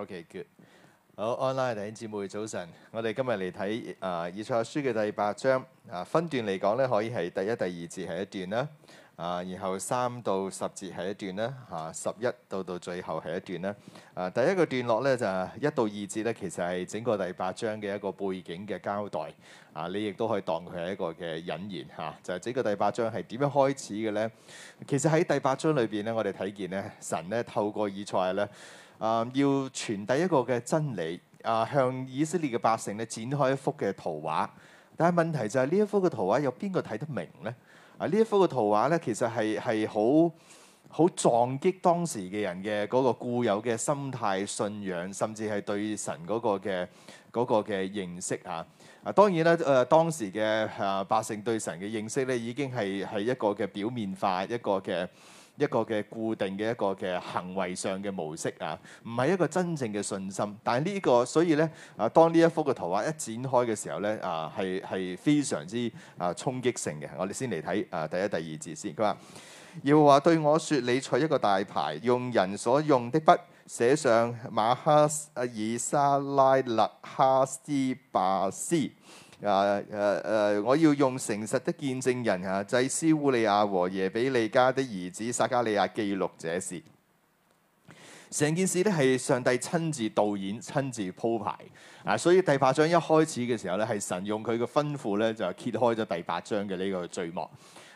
Okay, good. 好嘅，好，online 弟兄姊妹早晨。我哋今日嚟睇啊，以賽書嘅第八章啊，分段嚟講咧，可以係第一、第二節係一段啦啊，然後三到十節係一段啦，吓、啊、十一到到最後係一段啦。啊，第一個段落咧就係一到二節咧，其實係整個第八章嘅一個背景嘅交代啊。你亦都可以當佢係一個嘅引言吓、啊，就係、是、整個第八章係點樣開始嘅咧。其實喺第八章裏邊咧，我哋睇見咧神咧透過以賽咧。啊、呃，要傳遞一個嘅真理，啊、呃，向以色列嘅百姓咧展開一幅嘅圖畫。但係問題就係、是、呢一幅嘅圖畫有邊個睇得明咧？啊，呢一幅嘅圖畫咧，其實係係好好撞擊當時嘅人嘅嗰個固有嘅心態、信仰，甚至係對神嗰個嘅嗰個嘅認識嚇、啊。啊，當然啦，誒、呃、當時嘅啊百姓對神嘅認識咧，已經係係一個嘅表面化，一個嘅。一個嘅固定嘅一個嘅行為上嘅模式啊，唔係一個真正嘅信心。但係呢個所以呢，啊，當呢一幅嘅圖畫一展開嘅時候呢，啊，係係非常之啊衝擊性嘅。我哋先嚟睇啊第一第二字先。佢話要話對我説，你取一個大牌，用人所用的筆寫上馬哈爾沙拉勒哈斯巴斯。啊誒誒、啊，我要用誠實的見證人吓、啊，祭司烏利亞和耶比利加的兒子撒加利亞記錄這事。成件事咧係上帝親自導演、親自鋪排啊！所以第八章一開始嘅時候咧，係神用佢嘅吩咐咧就揭開咗第八章嘅呢個序幕。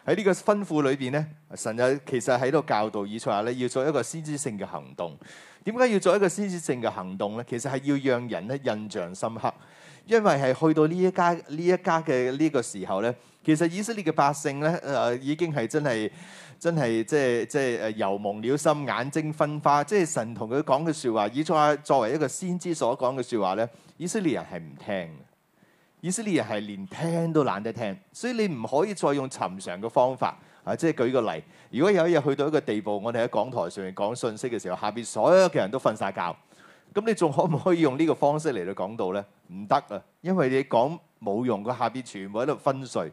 喺呢個吩咐裏邊咧，神就其實喺度教導以賽亞咧要做一個先知性嘅行動。點解要做一個先知性嘅行動呢？其實係要讓人咧印象深刻。因為係去到呢一家呢一家嘅呢個時候咧，其實以色列嘅百姓咧，誒、呃，已經係真係真係即係即係誒，油蒙了心，眼睛昏花。即係神同佢講嘅說話，以作作為一個先知所講嘅說話咧，以色列人係唔聽。以色列人係連聽都懶得聽。所以你唔可以再用尋常嘅方法啊！即係舉個例，如果有一日去到一個地步，我哋喺講台上面講信息嘅時候，下邊所有嘅人都瞓晒覺。咁你仲可唔可以用呢個方式嚟到講道咧？唔得啊，因為你講冇用，個下邊全部喺度昏睡。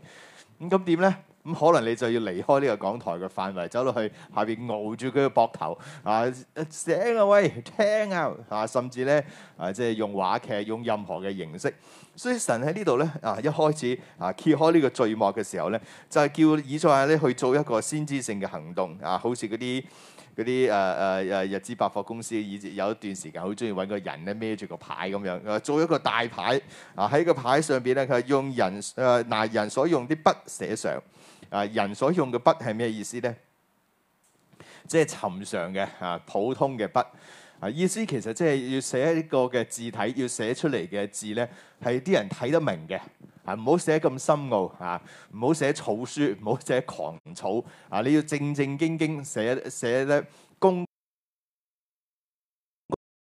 咁咁點咧？咁可能你就要離開呢個講台嘅範圍，走落去下邊熬住佢嘅膊頭啊！醒啊喂，聽啊啊！甚至咧啊，即係用話劇，用任何嘅形式。所以神喺呢度咧啊，一開始啊揭開呢個序幕嘅時候咧，就係叫以賽亞咧去做一個先知性嘅行動啊，好似嗰啲。嗰啲誒誒誒日資百貨公司，以前有一段時間好中意揾個人咧孭住個牌咁樣，做一個大牌啊！喺個牌上邊咧，佢用人誒嗱、啊、人所用啲筆寫上啊，人所用嘅筆係咩意思咧？即係尋常嘅啊，普通嘅筆啊，意思其實即係要寫呢個嘅字體，要寫出嚟嘅字咧，係啲人睇得明嘅。啊！唔好寫咁深奧啊！唔好寫草書，唔好寫狂草啊！你要正正經經寫寫，寫得工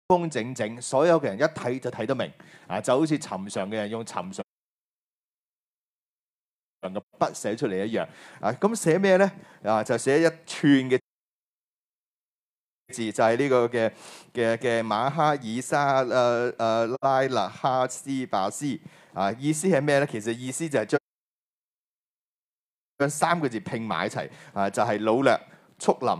工整整，所有嘅人一睇就睇得明啊！就好似尋常嘅人用尋常尋常嘅筆寫出嚟一樣啊！咁寫咩咧？啊！就寫一串嘅字，就係、是、呢個嘅嘅嘅馬哈爾沙誒誒、呃呃、拉勒哈斯巴斯。啊！意思係咩咧？其實意思就係將將三個字拼埋一齊啊，就係擄掠、速臨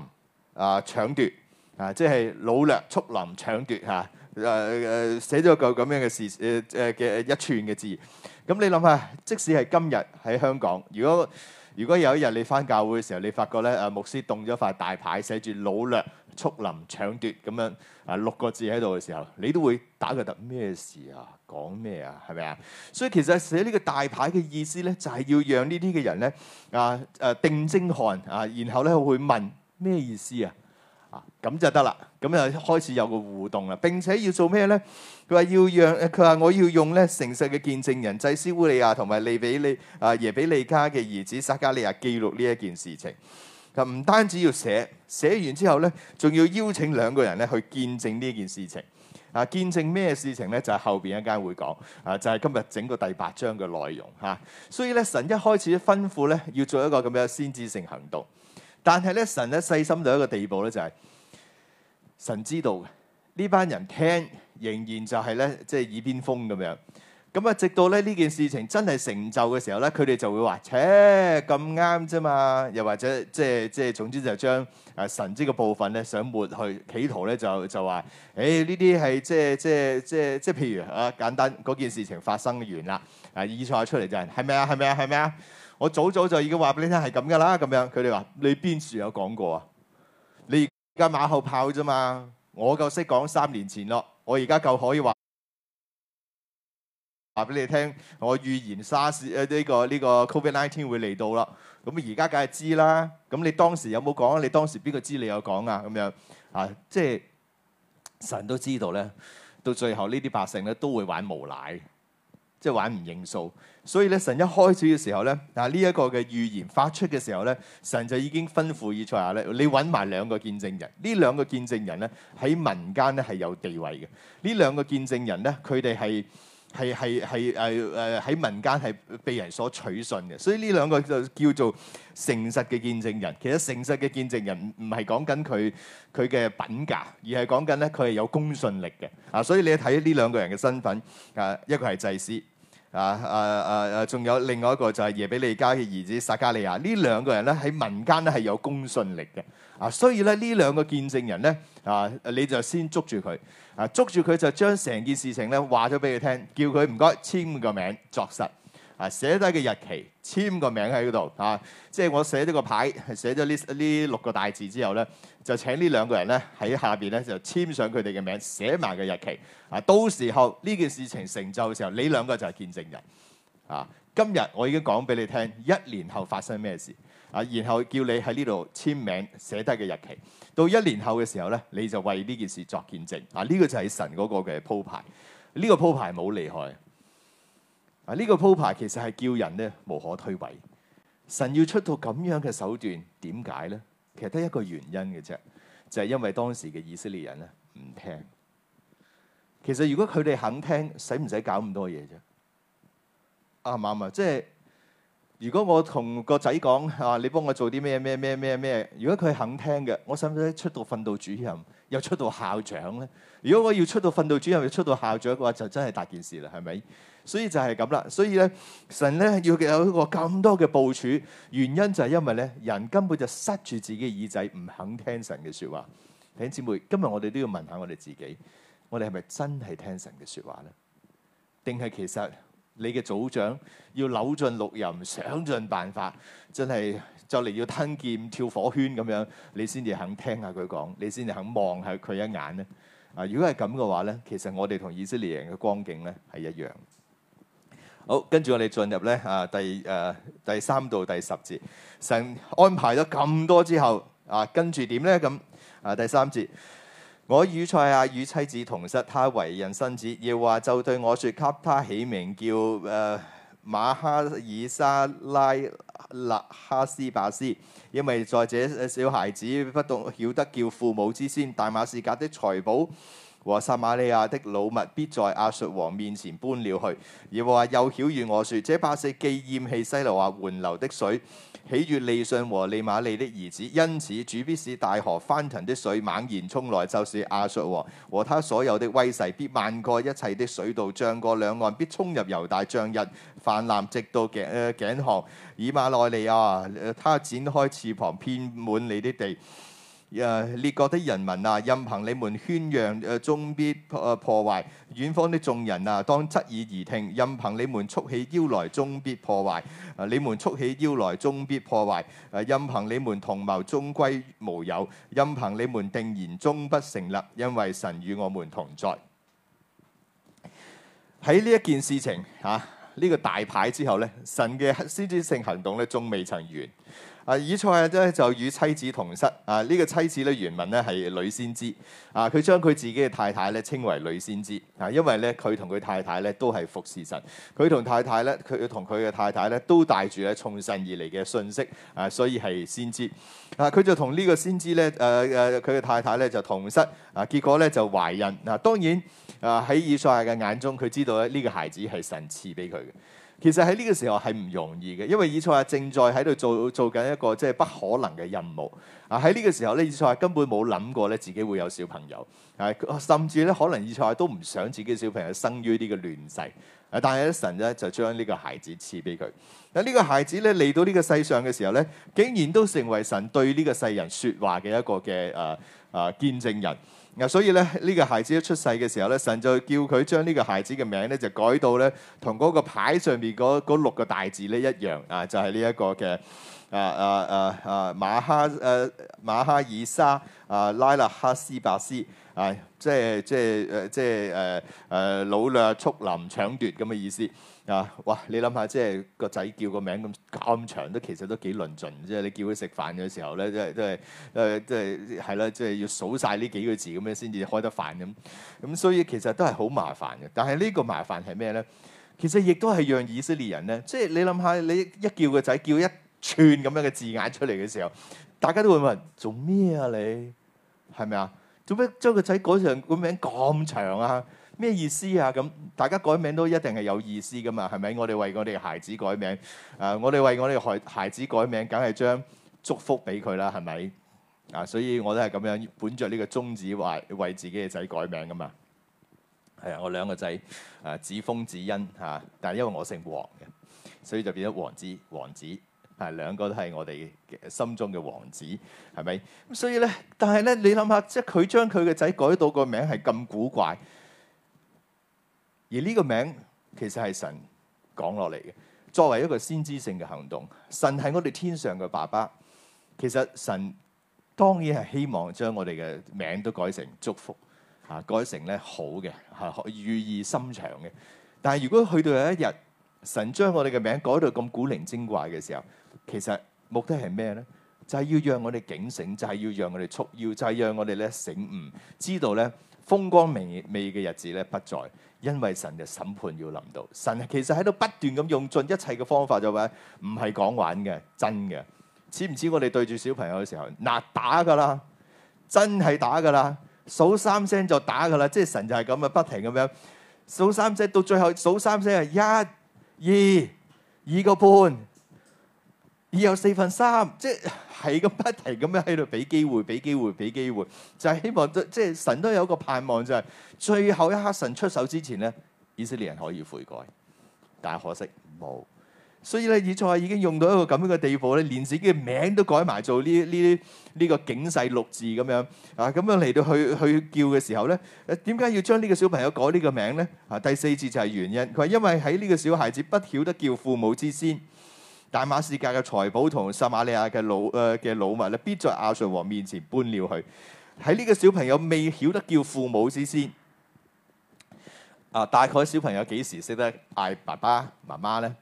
啊、搶奪啊，即係擄掠、速臨、搶奪嚇。誒誒，寫、啊、咗、啊呃、個咁樣嘅事誒誒嘅一串嘅字。咁、嗯、你諗下，即使係今日喺香港，如果如果有一日你返教會嘅時候，你發覺咧誒牧師動咗塊大牌，寫住擄掠」，速臨搶奪咁樣啊，六個字喺度嘅時候，你都會打個突咩事啊？講咩啊？係咪啊？所以其實寫呢個大牌嘅意思咧，就係、是、要讓呢啲嘅人咧啊誒、啊、定睛看啊，然後咧會問咩意思啊？啊咁就得啦，咁啊開始有個互動啦。並且要做咩咧？佢話要讓佢話我要用咧誠實嘅見證人祭司烏利亞同埋利比利啊耶比利家嘅兒子撒迦利亞記錄呢一件事情。就唔單止要寫，寫完之後咧，仲要邀請兩個人咧去見證呢件事情啊！見證咩事情咧？就係後邊一間會講啊，就係今日整個第八章嘅內容嚇、啊。所以咧，神一開始吩咐咧要做一個咁樣先知性行動，但係咧，神咧細心到一個地步咧，就係神知道嘅，呢班人聽仍然就係咧即係耳邊風咁樣。咁啊，直到咧呢件事情真係成就嘅時候咧，佢哋就會話：欸「切，咁啱啫嘛！又或者即係即係，總之就將啊神蹟嘅部分咧，想抹去，企圖咧就就話，誒呢啲係即係即係即係即係，譬如啊簡單嗰件事情發生完啦，啊異象出嚟就係，係咪啊？係咪啊？係咪啊？我早早就已經話俾你聽係咁噶啦，咁樣佢哋話：你邊處有講過啊？你而家馬後炮啫嘛！我夠識講三年前咯，我而家夠可以話。話俾你聽，我預言沙士誒呢個呢個 Covid nineteen 會嚟到啦。咁而家梗係知啦。咁你當時有冇講？你當時邊個知？你有講啊？咁樣啊，即係神都知道咧。到最後呢啲百姓咧都會玩無賴，即係玩唔認數。所以咧，神一開始嘅時候咧啊呢一個嘅預言發出嘅時候咧，神就已經吩咐以賽亞咧，你搵埋兩個見證人。呢兩個見證人咧喺民間咧係有地位嘅。呢兩個見證人咧，佢哋係。係係係，誒誒喺民間係被人所取信嘅，所以呢兩個就叫做誠實嘅見證人。其實誠實嘅見證人唔係講緊佢佢嘅品格，而係講緊咧佢係有公信力嘅。啊，所以你睇呢兩個人嘅身份，啊一個係祭司，啊啊啊啊，仲、啊、有另外一個就係耶比利家嘅兒子撒迦利亞。呢兩個人咧喺民間咧係有公信力嘅。啊，所以咧呢兩個見證人咧，啊，你就先捉住佢，啊，捉住佢就將成件事情咧話咗俾佢聽，叫佢唔該簽個名作實，啊，寫低嘅日期，簽個名喺嗰度，啊，即係我寫咗個牌，寫咗呢呢六個大字之後咧，就請呢兩個人咧喺下邊咧就簽上佢哋嘅名，寫埋個日期，啊，到時候呢件事情成就嘅時候，你兩個就係見證人，啊，今日我已經講俾你聽，一年後發生咩事。啊，然後叫你喺呢度簽名寫低嘅日期，到一年後嘅時候咧，你就為呢件事作見證。啊，呢個就係神嗰個嘅鋪排，呢個鋪排冇厲害。啊，呢個鋪排其實係叫人咧無可推諉。神要出到咁樣嘅手段，點解咧？其實得一個原因嘅啫，就係因為當時嘅以色列人咧唔聽。其實如果佢哋肯聽，使唔使搞咁多嘢啫？啱唔啱啊？即係。嗯嗯嗯嗯嗯嗯嗯如果我同個仔講，吓、啊、你幫我做啲咩咩咩咩咩？如果佢肯聽嘅，我使唔使出到訓導主任，又出到校長咧？如果我要出到訓導主任，要出到校長嘅話，就真係大件事啦，係咪？所以就係咁啦。所以咧，神咧要有一個咁多嘅部署，原因就係因為咧，人根本就塞住自己耳仔，唔肯聽神嘅說話。弟兄姊妹，今日我哋都要問下我哋自己，我哋係咪真係聽神嘅說話咧？定係其實？你嘅組長要扭盡六壬，想盡辦法，真係就嚟要吞劍跳火圈咁樣，你先至肯聽下佢講，你先至肯望下佢一眼咧。啊，如果係咁嘅話咧，其實我哋同以色列人嘅光景咧係一樣。好，跟住我哋進入咧啊，第誒、啊、第三到第十節，神安排咗咁多之後，啊，跟住點咧？咁啊，第三節。我以賽亞、啊、與妻子同室，他為人生子，耶華就對我説：給他起名叫誒、呃、馬哈爾沙拉勒哈斯巴斯，因為在這小孩子不懂曉得叫父母之先，大馬士革的財寶，和撒瑪利亞的擄物必在亞述王面前搬了去，耶和華又曉諭我説：這百姓既厭棄西羅亞緩流的水，喜悅利汛和利瑪利的兒子，因此主必使大河翻騰的水猛然衝來，就是亞述王和他所有的威勢，必漫過一切的水道，漲過兩岸，必沖入猶大，漲溢，泛濫，直到頸頸項。以馬內利啊，他展開翅膀，遍滿你的地。誒列國的人民啊，任憑你們喧嚷，誒終必破破壞；遠方的眾人啊，當側耳而聽，任憑你們束起腰來，終必破壞。誒、啊、你們束起腰來，終必破壞。誒、啊、任憑你們同謀，終歸無有；任憑你們定然，終不成立。因為神與我們同在。喺呢一件事情嚇，呢、啊呢個大牌之後咧，神嘅先知性行動咧，仲未曾完。啊，以賽亞咧就與妻子同室。啊，呢個妻子咧原文咧係女先知啊，佢將佢自己嘅太太咧稱為女先知啊，因為咧佢同佢太太咧都係服侍神，佢同太太咧佢同佢嘅太太咧都帶住咧從神而嚟嘅信息啊，所以係先知啊，佢就同呢個先知咧誒誒佢嘅太太咧就同室，啊，結果咧就懷孕嗱，當然啊喺以賽亞嘅眼中，佢知道咧呢個孩子係神賜俾佢嘅。其實喺呢個時候係唔容易嘅，因為以賽亞正在喺度做做緊一個即係不可能嘅任務啊！喺呢個時候呢，呢以賽亞根本冇諗過咧自己會有小朋友啊，甚至咧可能以賽亞都唔想自己嘅小朋友生於呢個亂世啊。但係神咧就將呢個孩子賜俾佢。嗱、啊、呢、呢個孩子咧嚟到呢個世上嘅時候咧，竟然都成為神對呢個世人説話嘅一個嘅誒誒見證人。嗱，所以咧呢、這個孩子一出世嘅時候咧，神就叫佢將呢個孩子嘅名咧就改到咧同嗰個牌上面嗰嗰六個大字咧一樣，啊，就係呢一個嘅啊啊啊啊馬哈誒、啊、馬哈爾莎、啊拉勒哈斯伯斯啊，即係即係誒即係誒誒擄掠速臨搶奪咁嘅意思。啊、哇！你諗下，即係個仔叫個名咁咁長，都其實都幾論盡。即係你叫佢食飯嘅時候咧，即係都係誒，即係係啦，即係要數晒呢幾個字咁樣先至開得飯咁。咁、嗯、所以其實都係好麻煩嘅。但係呢個麻煩係咩咧？其實亦都係讓以色列人咧，即係你諗下，你一叫個仔叫一串咁樣嘅字眼出嚟嘅時候，大家都會問：做咩啊你？係咪啊？做咩將個仔改成個名咁長啊？咩意思啊？咁大家改名都一定係有意思噶嘛？係咪？我哋為我哋孩子改名，啊、呃，我哋為我哋孩孩子改名，梗係將祝福俾佢啦，係咪？啊，所以我都係咁樣，本着呢個宗旨，話為自己嘅仔改名噶嘛。係啊，我兩個仔，啊，子峰、子恩吓，、啊，但係因為我姓王嘅，所以就變咗王子、王子，係、啊、兩個都係我哋心中嘅王子，係咪？所以咧，但係咧，你諗下，即係佢將佢嘅仔改到個名係咁古怪。而呢個名其實係神講落嚟嘅，作為一個先知性嘅行動。神係我哋天上嘅爸爸，其實神當然係希望將我哋嘅名都改成祝福啊，改成咧好嘅嚇，啊，寓意深長嘅。但係如果去到有一日神將我哋嘅名改到咁古靈精怪嘅時候，其實目的係咩咧？就係要讓我哋警醒，就係要讓我哋束腰，就係讓我哋咧醒悟，知道咧風光明媚嘅日子咧不在。因為神嘅審判要臨到，神其實喺度不斷咁用盡一切嘅方法，就話唔係講玩嘅，真嘅。似唔似我哋對住小朋友嘅時候，嗱、啊、打噶啦，真係打噶啦，數三聲就打噶啦，即係神就係咁啊，不停咁樣數三聲，到最後數三聲係一二二個半。而有四分三，即係係咁不停咁樣喺度俾機會，俾機會，俾機，機會，就係、是、希望即係、就是、神都有一個盼望，就係、是、最後一刻神出手之前呢，以色列人可以悔改，但係可惜冇，有所以咧以賽已經用到一個咁樣嘅地步咧，連自己嘅名都改埋做呢呢呢個警世六字咁樣啊，咁樣嚟到去去叫嘅時候咧，點解要將呢個小朋友改呢個名咧？啊，第四字就係原因，佢話因為喺呢個小孩子不曉得叫父母之先。大馬士革嘅財寶同撒瑪利亞嘅擄誒嘅、呃、擄物咧，必在亞述王面前搬了去。喺呢個小朋友未曉得叫父母之先，啊，大概小朋友幾時識得嗌爸爸媽媽咧？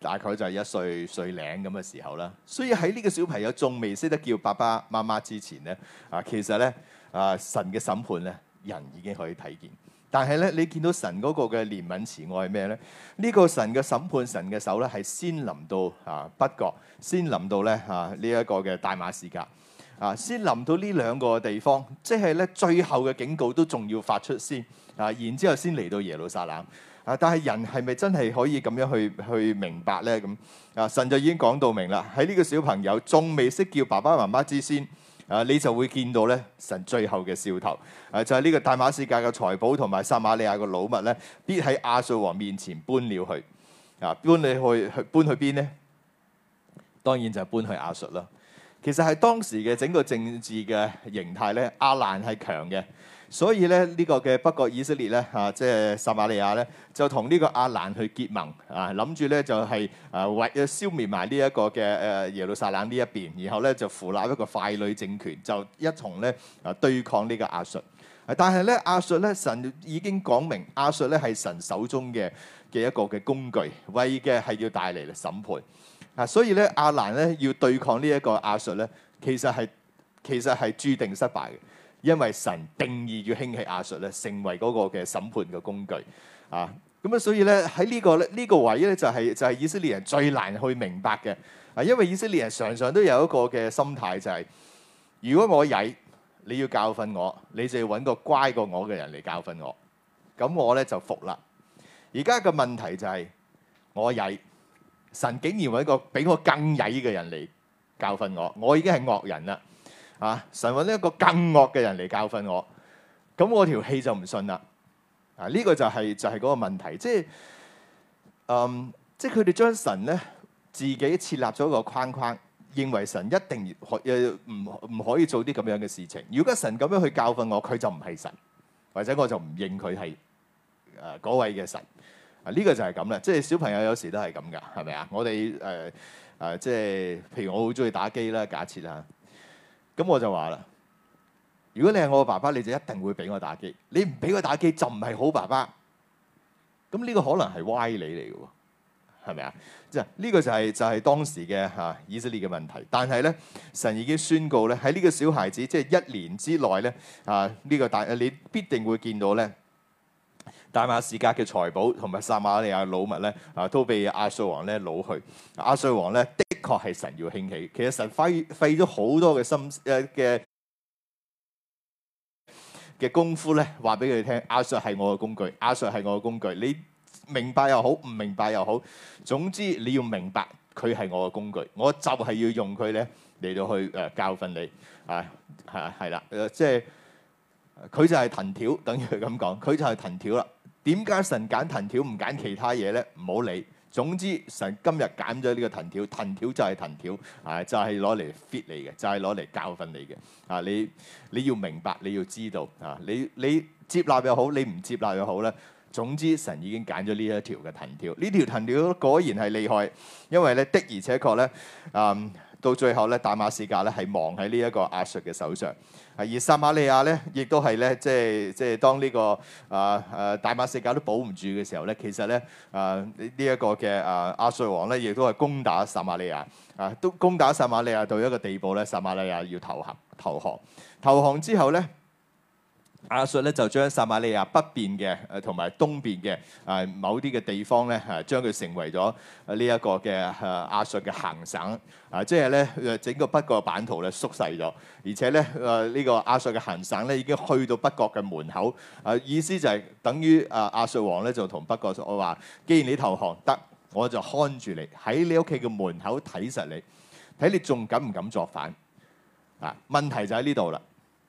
大概就係一歲歲零咁嘅時候啦。所以喺呢個小朋友仲未識得叫爸爸媽媽之前咧，啊，其實咧啊，神嘅審判咧，人已經可以睇見。但係咧，你見到神嗰個嘅憐憫慈愛咩咧？呢、這個神嘅審判神，神嘅手咧係先臨到啊，北國先臨到咧啊，呢、這、一個嘅大馬士革啊，先臨到呢兩個地方，即係咧最後嘅警告都仲要發出先啊，然之後先嚟到耶路撒冷啊。但係人係咪真係可以咁樣去去明白咧？咁啊，神就已經講到明啦。喺呢個小朋友仲未識叫爸爸媽媽之先。啊，你就會見到咧，神最後嘅笑頭，啊就係、是、呢個大馬士革嘅財寶同埋撒瑪利亞嘅老物咧，必喺亞述王面前搬了去，啊，搬你去去搬去邊呢？當然就係搬去亞述啦。其實係當時嘅整個政治嘅形態咧，亞蘭係強嘅。所以咧呢、這個嘅不過以色列咧嚇、啊，即係撒瑪利亞咧就同呢個亞蘭去結盟啊，諗住咧就係啊為要消滅埋呢一個嘅誒、呃、耶路撒冷呢一邊，然後咧就扶立一個傀儡政權，就一同咧啊對抗呢個亞述。啊、但係咧亞述咧神已經講明，亞述咧係神手中嘅嘅一個嘅工具，為嘅係要帶嚟審判啊。所以咧亞蘭咧要對抗呢一個亞述咧，其實係其實係注定失敗嘅。因為神定義要興起亞述咧，成為嗰個嘅審判嘅工具啊！咁啊，所以咧喺呢、這個咧呢、這個位咧就係、是、就係、是、以色列人最難去明白嘅啊！因為以色列人常常都有一個嘅心態、就是，就係如果我曳，你要教訓我，你就要搵個乖過我嘅人嚟教訓我，咁我咧就服啦。而家嘅問題就係、是、我曳，神竟然搵個比我更曳嘅人嚟教訓我，我已經係惡人啦。啊！神搵一個更惡嘅人嚟教訓我，咁我條氣就唔信啦。啊，呢個就係就係嗰個問題，即係，嗯，即係佢哋將神咧自己設立咗一個框框，認為神一定可誒唔唔可以做啲咁樣嘅事情。如果神咁樣去教訓我，佢就唔係神，或者我就唔認佢係誒嗰位嘅神。啊，呢個就係咁啦。即係小朋友有時都係咁噶，係咪啊？我哋誒誒，即係譬如我好中意打機啦，假設啊。咁我就話啦，如果你係我嘅爸爸，你就一定會俾我打機。你唔俾我打機，就唔係好爸爸。咁呢個可能係歪理嚟嘅喎，係咪？這個就是就是，啊？即係呢個就係就係當時嘅嚇以色列嘅問題。但係咧，神已經宣告咧，喺呢個小孩子即係，就是，一年之內咧啊，呢，這個大你必定會見到咧。大馬士革嘅財寶同埋撒瑪利亞嘅擄物咧，啊都被亞述王咧攞去。亞述王咧，的確係神要興起。其實神費費咗好多嘅心誒嘅嘅功夫咧，話俾佢哋聽：亞述係我嘅工具，亞述係我嘅工具。你明白又好，唔明白又好，總之你要明白佢係我嘅工具。我就係要用佢咧嚟到去誒教訓你。啊，係啊，係啦，誒即係佢就係藤條，等於佢咁講，佢就係藤條啦。點解神揀藤條唔揀其他嘢咧？唔好理。總之，神今日揀咗呢個藤條，藤條就係藤條，啊，就係攞嚟 fit 你嘅，就係攞嚟教訓你嘅。啊，你你要明白，你要知道，啊，你你接納又好，你唔接納又好咧。總之，神已經揀咗呢一條嘅藤條，呢條藤條果然係厲害，因為咧的而且確咧，嗯。到最後咧，大馬士革咧係亡喺呢一個亞述嘅手上。啊，而撒瑪利亞咧，亦都係咧，即係即係當呢、這個啊啊大馬士革都保唔住嘅時候咧，其實咧啊、這個、啊呢一個嘅啊亞述王咧，亦都係攻打撒瑪利亞啊，都攻打撒瑪利亞到一個地步咧，撒瑪利亞要投降投降投降之後咧。阿術咧就將撒馬利亞北邊嘅誒同埋東邊嘅誒某啲嘅地方咧，誒將佢成為咗呢一個嘅誒阿術嘅行省，啊即係咧整個北國版圖咧縮細咗，而且咧誒呢個阿術嘅行省咧已經去到北國嘅門口，啊意思就係等於誒阿術王咧就同北國我話，既然你投降得，我就看住你喺你屋企嘅門口睇實你，睇你仲敢唔敢作反？啊問題就喺呢度啦。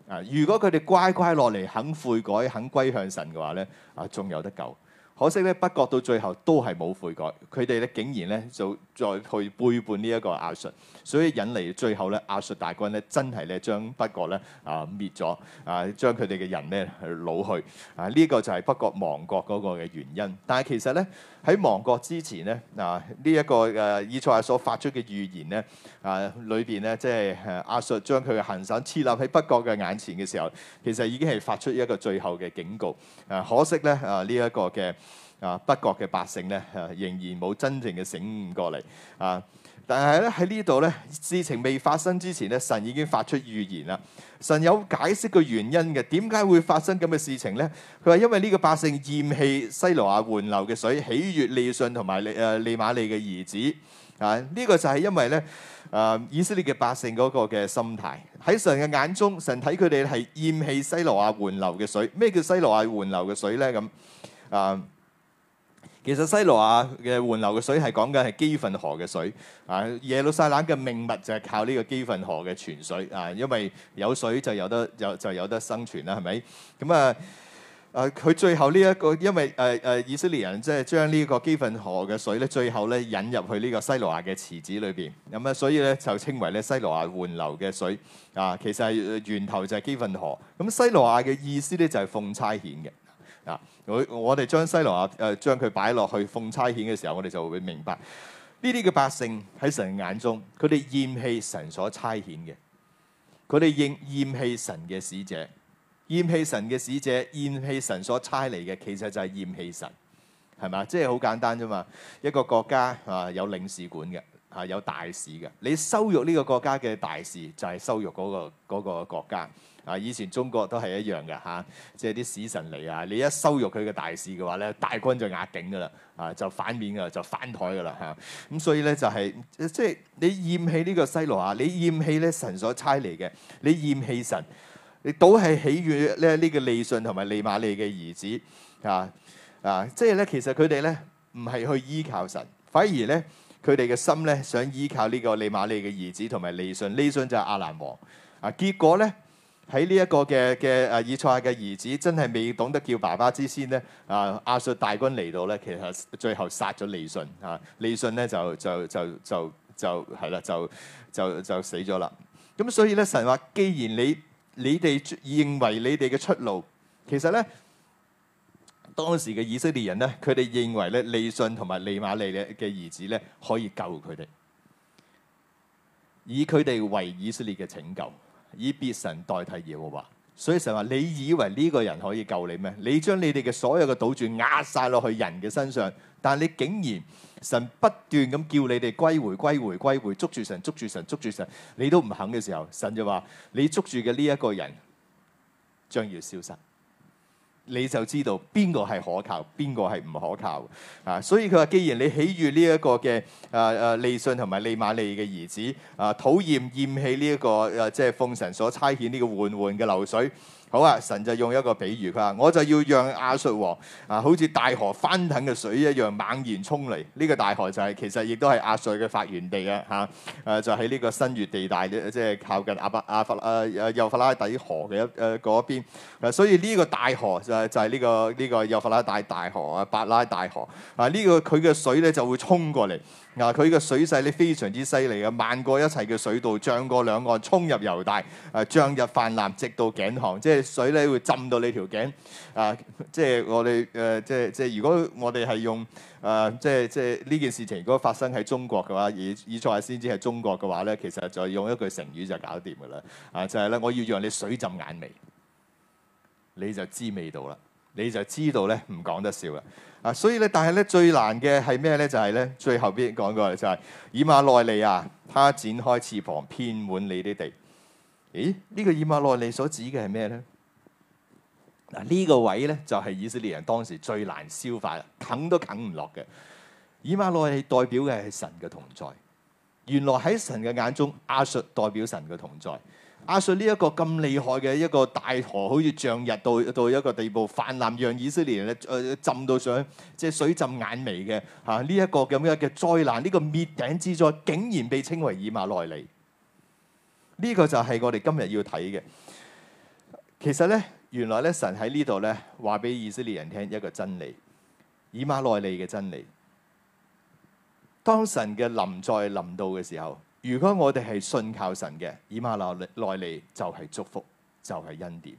啊！如果佢哋乖乖落嚟，肯悔改、肯歸向神嘅話咧，啊，仲有得救。可惜咧，北國到最後都係冇悔改，佢哋咧竟然咧就再去背叛呢一個亞述，所以引嚟最後咧亞述大軍咧真係咧將北國咧啊滅咗啊，將佢哋嘅人咧去擄去啊，呢去去啊、這個就係北國亡國嗰個嘅原因。但係其實咧喺亡國之前咧嗱，呢、啊、一、這個誒、啊、以賽亞所發出嘅預言咧啊裏邊咧即係亞述將佢嘅行省設立喺北國嘅眼前嘅時候，其實已經係發出一個最後嘅警告。啊，可惜咧啊呢一、這個嘅。啊！北國嘅百姓咧、啊，仍然冇真正嘅醒悟過嚟啊！但係咧喺呢度咧，事情未發生之前咧，神已經發出預言啦。神有解釋個原因嘅，點解會發生咁嘅事情咧？佢話因，、啊啊這個、因為呢個百姓厭棄西羅亞緩流嘅水，喜悅利汛同埋利誒利瑪利嘅兒子啊！呢個就係因為咧啊，以色列嘅百姓嗰個嘅心態喺神嘅眼中，神睇佢哋係厭棄西羅亞緩流嘅水。咩叫西羅亞緩流嘅水咧？咁啊？啊其實西羅亞嘅緩流嘅水係講緊係基訓河嘅水，啊耶路撒冷嘅命脈就係靠呢個基訓河嘅泉水，啊因為有水就有得有就有得生存啦，係咪？咁啊啊佢最後呢、這、一個，因為誒誒、啊啊、以色列人即係將呢個基訓河嘅水咧，最後咧引入去呢個西羅亞嘅池子裏邊，咁啊，所以咧就稱為咧西羅亞緩流嘅水，啊其實係源頭就係基訓河。咁西羅亞嘅意思咧就係、是、奉差遣嘅。我我哋將西羅亞誒將佢擺落去奉差遣嘅時候，我哋就會明白呢啲嘅百姓喺神眼中，佢哋厭棄神所差遣嘅，佢哋厭厭棄神嘅使者，厭棄神嘅使者，厭棄神所差嚟嘅，其實就係厭棄神，係咪？即係好簡單啫嘛。一個國家啊，有領事館嘅啊，有大使嘅，你羞辱呢個國家嘅大使，就係、是、羞辱嗰、那個嗰、那個國家。啊！以前中國都係一樣嘅嚇、啊，即係啲使神嚟啊！你一羞辱佢嘅大使嘅話咧，大軍就壓境噶啦啊，就反面嘅就翻台噶啦嚇。咁、啊、所以咧就係、是、即係你厭棄呢個西羅亞啊，你厭棄咧神所差嚟嘅，你厭棄神，你倒係喜悅咧呢個利信同埋利瑪利嘅兒子啊啊！即係咧，其實佢哋咧唔係去依靠神，反而咧佢哋嘅心咧想依靠呢個利瑪利嘅兒子同埋利信。利信就係亞蘭王啊，結果咧。喺呢一個嘅嘅阿以賽亞嘅兒子真係未懂得叫爸爸之先咧，啊亞述大軍嚟到咧，其實最後殺咗利汛。啊，利汛咧就就就就就係啦，就就就，就，就，就，就，就死咗啦。咁所以咧神話，既然你你哋認為你哋嘅出路，其實咧當時嘅以色列人咧，佢哋認為咧利汛同埋利瑪利嘅嘅兒子咧可以救佢哋，以佢哋為以色列嘅拯救。以別神代替耶和華，所以神話，你以為呢個人可以救你咩？你將你哋嘅所有嘅賭注壓晒落去人嘅身上，但係你竟然神不斷咁叫你哋歸回、歸回、歸回，捉住神、捉住神、捉住神，捉住神，你都唔肯嘅時候，神就話，你捉住嘅呢一個人將要消失。你就知道邊個係可靠，邊個係唔可靠啊！所以佢話：既然你喜悅呢一個嘅誒誒利汛同埋利瑪利嘅兒子啊，討厭厭棄呢一個誒、啊，即係奉神所差遣呢個緩緩嘅流水。好啊，神就用一個比喻，佢話我就要讓亞述王啊，好似大河翻騰嘅水一樣猛然衝嚟。呢、這個大河就係、是、其實亦都係亞述嘅發源地啊，嚇、啊！誒就喺呢個新月地帶，即、啊、係、就是、靠近阿伯亞法誒誒幼發拉底河嘅一誒嗰邊。所以呢個大河就係、是、就係、是、呢、這個呢、這個幼發拉底大，大河啊，伯拉大河啊，這個、呢個佢嘅水咧就會衝過嚟。嗱，佢個、啊、水勢咧非常之犀利嘅，漫過一切嘅水道，漲過兩岸，沖入猶大，誒、啊、漲入泛濫，直到頸項、啊，即係水咧會浸到你條頸。啊，即係我哋誒、呃，即係即係，如果我哋係用誒、啊，即係即係呢件事情，如果發生喺中國嘅話，以賽亞先知係中國嘅話咧，其實就用一句成語就搞掂嘅啦。啊，就係咧，我要讓你水浸眼眉，你就知道味道啦，你就知道咧，唔講得笑啦。啊，所以咧，但係咧，最難嘅係咩咧？就係、是、咧，最後邊講過就係、是、以馬內利啊，他展開翅膀，遍滿你啲地。咦？呢、這個以馬內利所指嘅係咩咧？嗱、啊，呢、這個位咧就係、是、以色列人當時最難消化嘅，啃都啃唔落嘅。以馬內利代表嘅係神嘅同在。原來喺神嘅眼中，亞述代表神嘅同在。阿瑞呢一個咁厲害嘅一個大河，好似漲日到到一個地步泛濫，讓以色列人咧誒、呃、浸到上即係水浸眼眉嘅吓，呢、啊、一、這個咁樣嘅災難，呢、這個滅頂之災，竟然被稱為以馬內利。呢、這個就係我哋今日要睇嘅。其實咧，原來咧，神喺呢度咧話俾以色列人聽一個真理，以馬內利嘅真理。當神嘅臨在臨到嘅時候，如果我哋係信靠神嘅，以馬內內利就係祝福，就係恩典。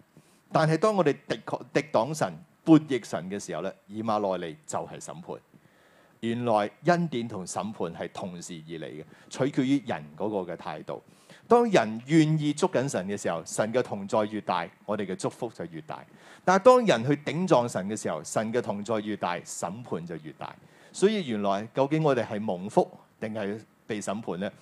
但係當我哋的確敵擋神，叛逆神嘅時候咧，以馬內利就係審判。原來恩典同審判係同時而嚟嘅，取決於人嗰個嘅態度。當人願意捉緊神嘅時候，神嘅同在越大，我哋嘅祝福就越大。但係當人去頂撞神嘅時候，神嘅同在越大，審判就越大。所以原來究竟我哋係蒙福定係被審判呢？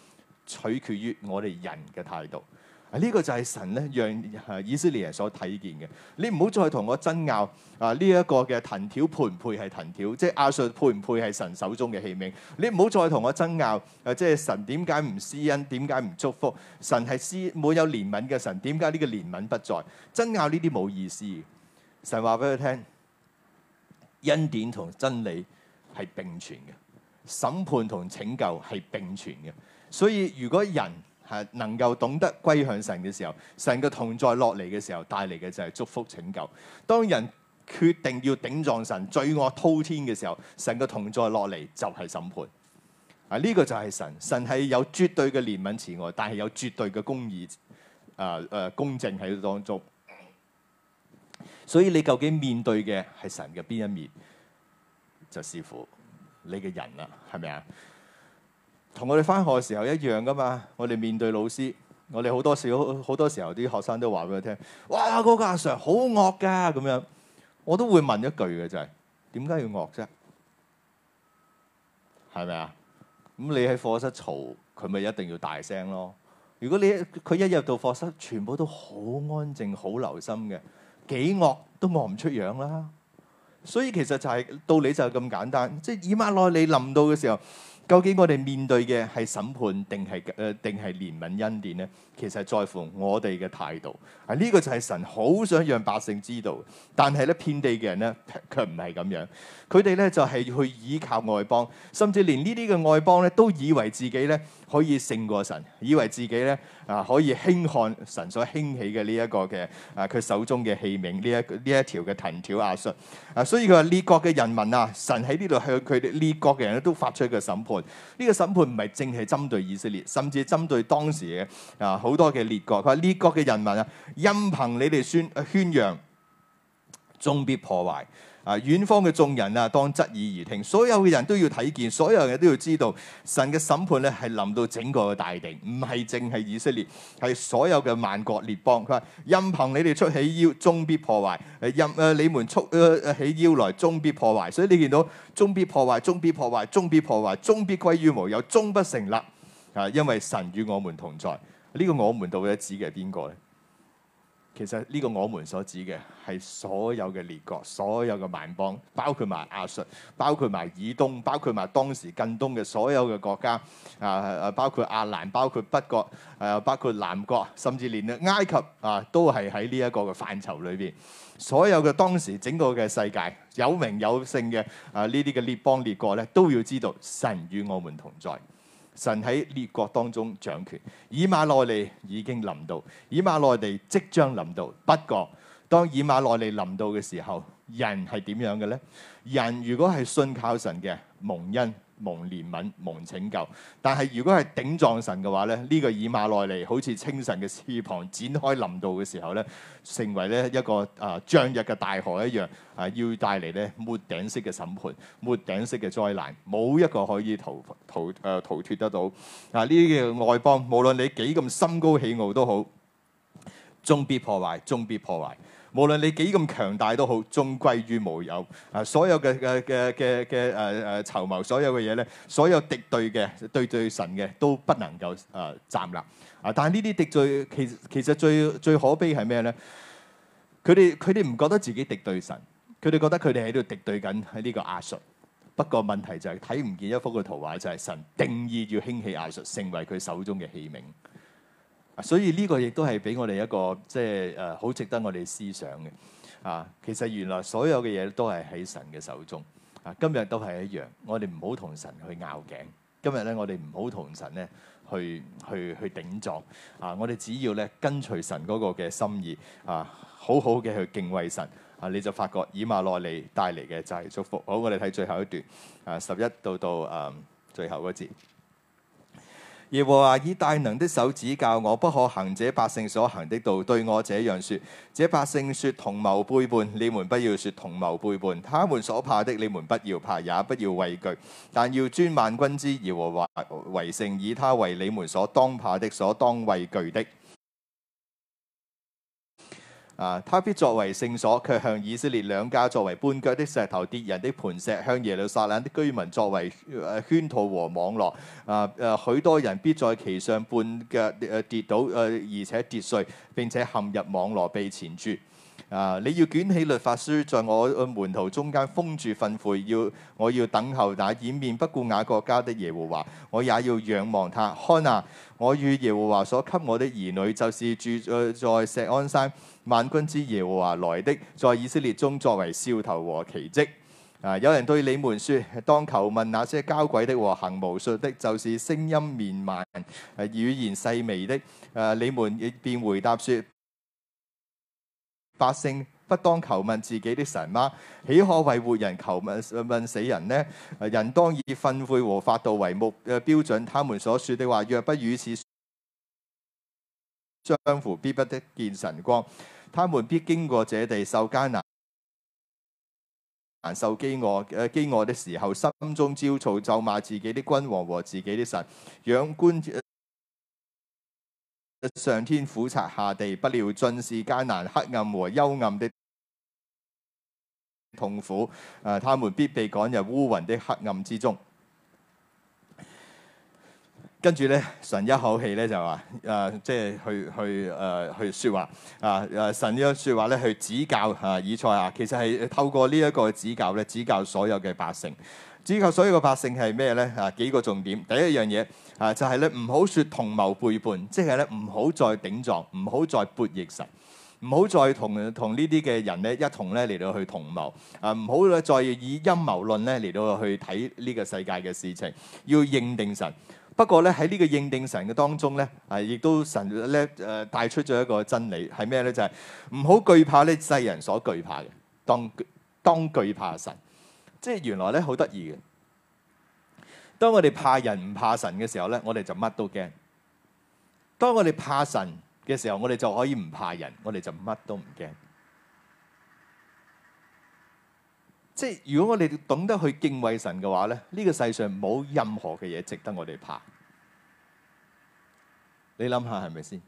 取決於我哋人嘅態度啊！呢、這個就係神咧，讓、啊、以色列人所睇見嘅。你唔好再同我爭拗啊！呢、這、一個嘅藤條配唔配係藤條？即係亞述配唔配係神手中嘅器皿？你唔好再同我爭拗啊！即係神點解唔施恩？點解唔祝福？神係施冇有憐憫嘅神？點解呢個憐憫不在？爭拗呢啲冇意思。神話俾佢聽，恩典同真理係並存嘅，審判同拯救係並存嘅。所以如果人係能夠懂得歸向神嘅時候，神嘅同在落嚟嘅時候，帶嚟嘅就係祝福拯救。當人決定要頂撞神、罪惡滔天嘅時候，神嘅同在落嚟就係審判。啊，呢個就係神，神係有絕對嘅憐憫慈愛，但係有絕對嘅公義啊、誒、呃呃、公正喺當中。所以你究竟面對嘅係神嘅邊一面，就視乎你嘅人啦，係咪啊？同我哋返學嘅時候一樣㗎嘛，我哋面對老師，我哋好多時好多時候啲學生都話俾佢聽，哇，嗰個阿 Sir 好惡㗎咁樣，我都會問一句嘅就係點解要惡啫？係咪啊？咁你喺課室嘈，佢咪一定要大聲囉。如果你佢一入到課室，全部都好安靜、好留心嘅，幾惡都惡唔出樣啦。所以其實就係道理就係咁簡單，即係以馬內利臨到嘅時候。究竟我哋面對嘅係審判定係誒、呃、定係憐憫恩典呢？其實在乎我哋嘅態度，啊呢個就係神好想讓百姓知道，但係咧遍地嘅人咧卻唔係咁樣，佢哋咧就係去依靠外邦，甚至連呢啲嘅外邦咧都以為自己咧可以勝過神，以為自己咧啊可以輕看神所興起嘅呢一個嘅啊佢手中嘅器皿，呢一呢一條嘅藤條，亞述啊，所以佢話列國嘅人民啊，神喺呢度向佢哋列國嘅人都發出一個審判，呢個審判唔係淨係針對以色列，甚至針對當時嘅啊。好多嘅列國，佢話列國嘅人民啊，任憑你哋宣宣揚，終必破壞啊。遠方嘅眾人啊，當側耳而聽，所有嘅人都要睇見，所有嘅人都要知道，神嘅審判咧係臨到整個嘅大地，唔係淨係以色列，係所有嘅萬國列邦。佢話任憑你哋出起腰，終必破壞。任誒、呃、你們出誒、呃、起腰來，終必破壞。所以你見到終必破壞，終必破壞，終必破壞，終必歸於無有，終不成立啊！因為神與我們同在。呢個我們到底指嘅係邊個咧？其實呢個我們所指嘅係所有嘅列國、所有嘅萬邦，包括埋亞述、包括埋以東、包括埋當時近東嘅所有嘅國家啊！包括亞蘭、包括北國啊！包括南國，甚至連埃及啊，都係喺呢一個嘅範疇裏邊。所有嘅當時整個嘅世界有名有姓嘅啊，呢啲嘅列邦列國咧，都要知道神與我們同在。神喺列國當中掌權，以馬內利已經臨到，以馬內利即將臨到。不過，當以馬內利臨到嘅時候，人係點樣嘅呢？人如果係信靠神嘅，蒙恩。蒙憐憫、蒙拯救，但係如果係頂撞神嘅話咧，呢、這個以馬內利好似清晨嘅翅膀展開臨到嘅時候咧，成為咧一個啊漲溢嘅大河一樣，啊要帶嚟咧沒頂式嘅審判、沒頂式嘅災難，冇一個可以逃逃誒、呃、逃脫得到。啊呢啲外邦，無論你幾咁心高氣傲都好，終必破壞，終必破壞。無論你幾咁強大都好，終歸於無有啊！所有嘅嘅嘅嘅嘅誒誒籌謀，所有嘅嘢咧，所有敵對嘅對對神嘅都不能夠啊站立啊！但係呢啲敵對，其實其實最最可悲係咩咧？佢哋佢哋唔覺得自己敵對神，佢哋覺得佢哋喺度敵對緊喺呢個亞述。不過問題就係睇唔見一幅嘅圖畫，就係神定意要興起亞述，成為佢手中嘅器皿。所以呢個亦都係俾我哋一個即係誒好值得我哋思想嘅啊！其實原來所有嘅嘢都係喺神嘅手中啊！今日都係一樣，我哋唔好同神去拗頸。今日咧，我哋唔好同神咧去去去頂撞啊！我哋只要咧跟隨神嗰個嘅心意啊，好好嘅去敬畏神啊，你就發覺以馬內利帶嚟嘅就係祝福。好，我哋睇最後一段啊，十一到到誒、嗯、最後嗰節。耶和華以大能的手指教我，不可行這百姓所行的道，對我這樣說：這百姓說同謀背叛，你們不要說同謀背叛。他們所怕的，你們不要怕，也不要畏懼，但要尊萬軍之耶和華為聖，以他為你們所當怕的，所當畏懼的。啊！他必作為聖所，卻向以色列兩家作為絆腳的石頭，跌人的磐石，向耶路撒冷的居民作為誒圈套和網羅。啊誒、啊，許多人必在其上絆腳跌倒，誒、啊、而且跌碎，並且陷入網羅被纏住。啊！你要捲起律法書，在我門徒中間封住訓誨。要我要等候那掩面不顧雅各家的耶和華，我也要仰望他。看啊！我與耶和華所給我的兒女，就是住在錫安山。萬軍之耶和華來的，在以色列中作為笑頭和奇蹟。啊，有人對你們説：當求問那些交鬼的和行巫術的，就是聲音面慢、誒、啊、語言細微的。誒、啊、你們便回答説：百姓不當求問自己的神嗎？豈可為活人求問問死人呢？啊、人當以憤悔和法度為目誒標準，他們所説的話，若不如此相符必不得見神光。他們必經過這地受艱難，難受飢餓、呃，飢餓的時候，心中焦躁，咒罵自己的君王和自己的神，仰觀、呃、上天俯察下地。不料盡是艱難、黑暗和幽暗的痛苦。呃、他們必被趕入烏雲的黑暗之中。跟住咧，神一口氣咧就話誒、呃，即係去去誒、呃、去説話啊！誒、呃、神說呢樣説話咧去指教啊，以賽亞其實係透過呢一個指教咧，指教所有嘅百姓，指教所有嘅百姓係咩咧？啊，幾個重點，第一樣嘢啊就係咧唔好説同謀背叛，即係咧唔好再頂撞，唔好再叛逆神，唔好再同同呢啲嘅人咧一同咧嚟到去同謀啊！唔好咧再以陰謀論咧嚟到去睇呢個世界嘅事情，要認定神。不過咧喺呢個認定神嘅當中咧，啊，亦都神咧誒帶出咗一個真理係咩咧？就係唔好懼怕呢世人所懼怕嘅，當當懼怕神，即係原來咧好得意嘅。當我哋怕人唔怕神嘅時候咧，我哋就乜都驚；當我哋怕神嘅時候，我哋就，就可以唔怕人，我哋就乜都唔驚。即係如果我哋懂得去敬畏神嘅話咧，呢個世上冇任何嘅嘢值得我哋怕。你諗下係咪先？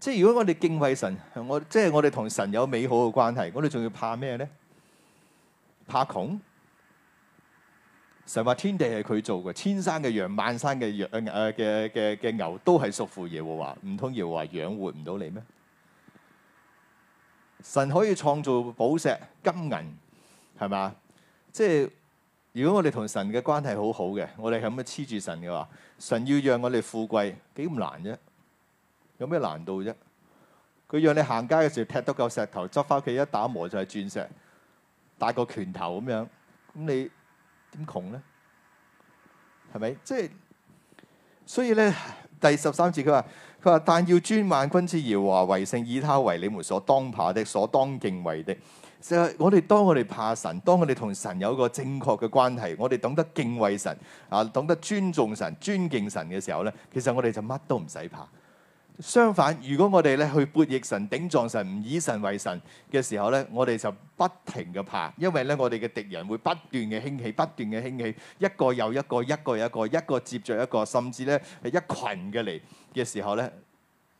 即係如果我哋敬畏神，我即係我哋同神有美好嘅關係，我哋仲要怕咩咧？怕窮？神話天地係佢做嘅，千山嘅羊、萬山嘅羊誒嘅嘅嘅牛都係屬乎耶和華，唔通耶和華養活唔到你咩？神可以創造寶石、金銀，係咪？即係，如果我哋同神嘅關係好好嘅，我哋係咁樣黐住神嘅話，神要讓我哋富貴，幾咁難啫、啊？有咩難度啫、啊？佢讓你行街嘅時候踢多嚿石頭，執翻屋企一打磨就係鑽石，大個拳頭咁樣，咁你點窮咧？係咪？即係，所以咧第十三節佢話：佢話但要尊萬軍之耶和華為聖，以他為你們所當怕的，所當敬畏的。就係我哋當我哋怕神，當我哋同神有一個正確嘅關係，我哋懂得敬畏神啊，懂得尊重神、尊敬神嘅時候咧，其實我哋就乜都唔使怕。相反，如果我哋咧去悖逆神、頂撞神、唔以神為神嘅時候咧，我哋就不停嘅怕，因為咧我哋嘅敵人會不斷嘅興起，不斷嘅興起，一個又一個，一個又一個，一個接著一個，甚至咧係一群嘅嚟嘅時候咧。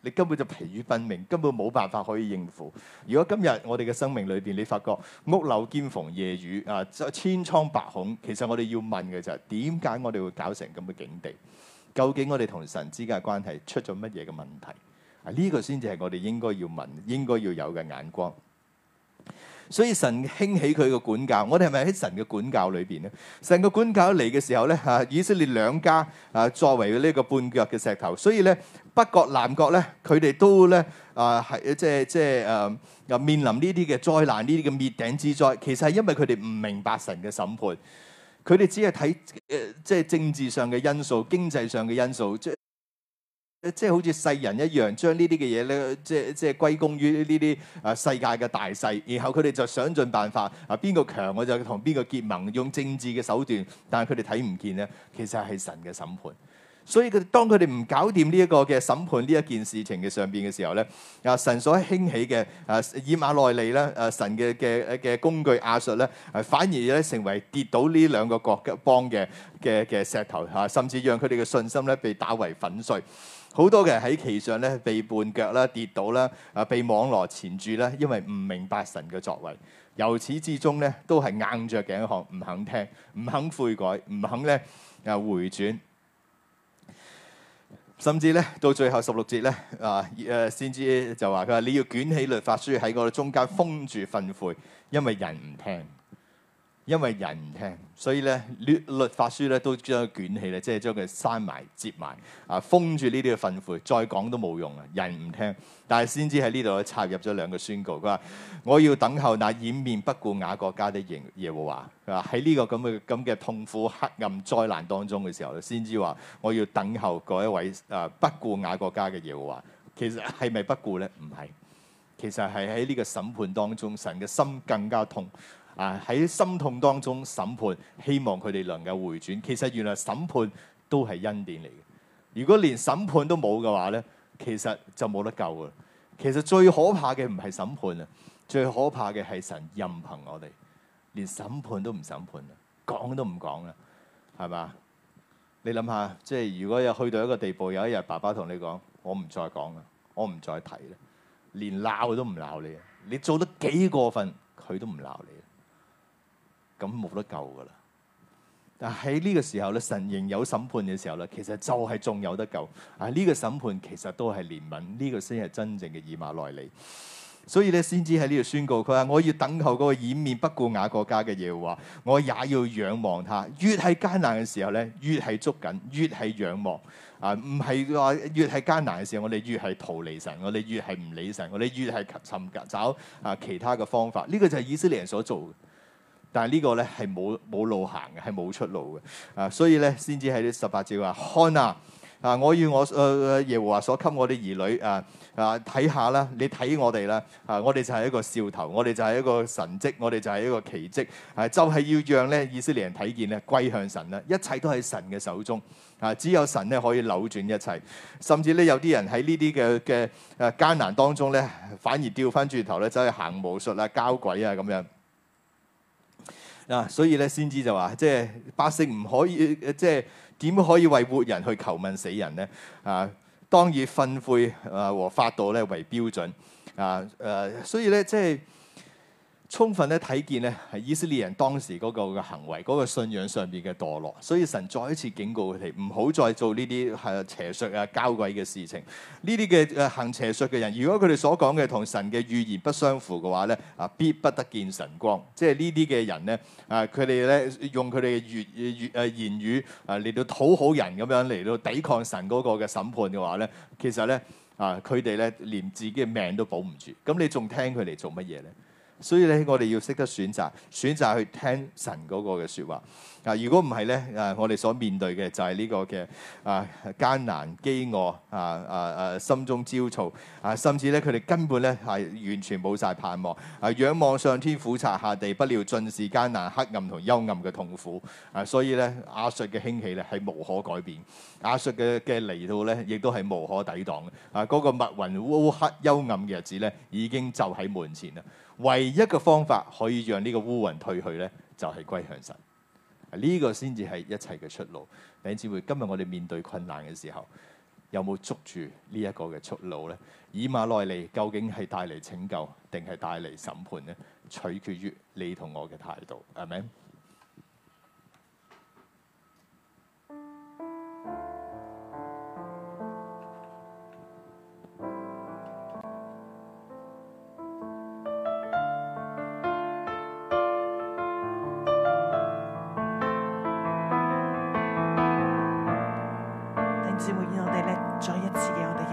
你根本就疲於奔命，根本冇辦法可以應付。如果今日我哋嘅生命裏邊，你發覺屋漏兼逢夜雨啊，千瘡百孔。其實我哋要問嘅就係點解我哋會搞成咁嘅境地？究竟我哋同神之間嘅關係出咗乜嘢嘅問題？啊，呢個先至係我哋應該要問、應該要有嘅眼光。所以神興起佢嘅管教，我哋係咪喺神嘅管教裏邊咧？成個管教嚟嘅時候咧，啊，以色列兩家啊，作為呢個絆腳嘅石頭，所以咧北國南國咧，佢哋都咧啊，係即係即係誒又面臨呢啲嘅災難，呢啲嘅滅頂之災，其實係因為佢哋唔明白神嘅審判，佢哋只係睇誒即係政治上嘅因素、經濟上嘅因素。誒，即係好似世人一樣，將呢啲嘅嘢咧，即係即係歸功於呢啲誒世界嘅大勢，然後佢哋就想盡辦法啊，邊個強我就同邊個結盟，用政治嘅手段。但係佢哋睇唔見咧，其實係神嘅審判。所以佢當佢哋唔搞掂呢一個嘅審判呢一件事情嘅上邊嘅時候咧，啊，神所興起嘅誒以馬內利咧，誒神嘅嘅嘅工具亞述咧，反而咧成為跌倒呢兩個國家邦嘅嘅嘅石頭吓，甚至讓佢哋嘅信心咧被打為粉碎。好多嘅人喺其上咧被絆腳啦，跌倒啦，啊被網羅纏住啦，因為唔明白神嘅作為。由始至終咧都係硬着頸項唔肯聽，唔肯悔改，唔肯咧啊回轉。甚至咧到最後十六節咧啊誒、啊，先知就話佢，話你要捲起律法書，喺個中間封住訓誨，因為人唔聽。因為人唔聽，所以咧律，律法書咧都將佢捲起咧，即係將佢閂埋、接埋啊，封住呢啲嘅訓誨，再講都冇用啊！人唔聽，但係先知喺呢度咧插入咗兩個宣告，佢話我要等候那掩面不顧雅各家的耶耶和華。佢話喺呢個咁嘅咁嘅痛苦、黑暗、災難當中嘅時候，先知話我要等候嗰一位啊不顧雅各家嘅耶和華。其實係咪不，不顧咧？唔係，其實係喺呢個審判當中，神嘅心更加痛。啊！喺心痛當中審判，希望佢哋能夠回轉。其實原來審判都係恩典嚟嘅。如果連審判都冇嘅話呢，其實就冇得救喇。其實最可怕嘅唔係審判啊，最可怕嘅係神任憑我哋，連審判都唔審判啦，講都唔講啦，係嘛？你諗下，即係如果有去到一個地步，有一日爸爸同你講，我唔再講啦，我唔再提啦，連鬧都唔鬧你，你做得幾過分，佢都唔鬧你。咁冇得救噶啦！但喺呢個時候咧，神仍有審判嘅時候咧，其實就係仲有得救啊！呢個審判其實都係憐憫，呢個先係真正嘅以馬內利。所以咧，先知喺呢度宣告：佢話我要等候嗰個掩面不顧雅各家嘅耶和華，我也要仰望他。越係艱難嘅時候咧，越係捉緊，越係仰望啊！唔係話越係艱難嘅時候，我哋越係逃離神，我哋越係唔理神，我哋越係尋找啊其他嘅方法。呢個就係以色列人所做。但係呢個咧係冇冇路行嘅，係冇出路嘅啊！所以咧先至喺呢十八節話看啊啊！Ana, 我要我誒、呃、耶和華所給我啲兒女啊啊，睇下啦，你睇我哋啦啊！我哋就係一個笑頭，我哋就係一個神蹟，我哋就係一個奇蹟啊！就係、是、要讓咧以色列人睇見咧，歸向神啦！一切都係神嘅手中啊！只有神咧可以扭轉一切，甚至咧有啲人喺呢啲嘅嘅誒艱難當中咧，反而掉翻轉頭咧走去行巫術啊、交鬼啊咁樣。啊，所以咧先知就話，即係百姓唔可以，即係點可以為活人去求問死人咧？啊，當以訓誨啊和法度咧為標準。啊，誒、呃，所以咧即係。充分咧睇見咧，係以色列人當時嗰個嘅行為、嗰個信仰上邊嘅墮落，所以神再一次警告佢哋，唔好再做呢啲係邪術啊、交鬼嘅事情。呢啲嘅行邪術嘅人，如果佢哋所講嘅同神嘅預言不相符嘅話咧，啊，必不得見神光。即係呢啲嘅人咧，啊，佢哋咧用佢哋嘅粵語誒言語啊嚟到討好人咁樣嚟到抵抗神嗰個嘅審判嘅話咧，其實咧啊，佢哋咧連自己嘅命都保唔住。咁你仲聽佢嚟做乜嘢咧？所以咧，我哋要識得選擇，選擇去聽神嗰個嘅説話啊。如果唔係咧，啊，我哋所面對嘅就係呢個嘅啊艱難、飢餓啊啊啊，心中焦躁啊，啊，甚至咧佢哋根本咧係、啊、完全冇晒盼望啊，仰望上天俯察下地，不料盡是艱難、黑暗同幽暗嘅痛苦啊。所以咧，亞述嘅興起咧係無可改變，亞述嘅嘅嚟到咧亦都係無可抵擋啊。嗰、那個密雲烏黑幽暗嘅日子咧已經就喺門前啦。啊。唯一嘅方法可以讓呢個烏雲退去呢，就係、是、歸向神，呢、這個先至係一切嘅出路。弟兄姊妹，今日我哋面對困難嘅時候，有冇捉住呢一個嘅出路呢？以馬內利究竟係帶嚟拯救，定係帶嚟審判呢？取決於你同我嘅態度。係咪？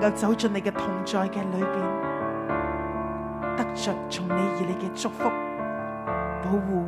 能夠走進你嘅同在嘅裏邊，得着從你而嚟嘅祝福保護。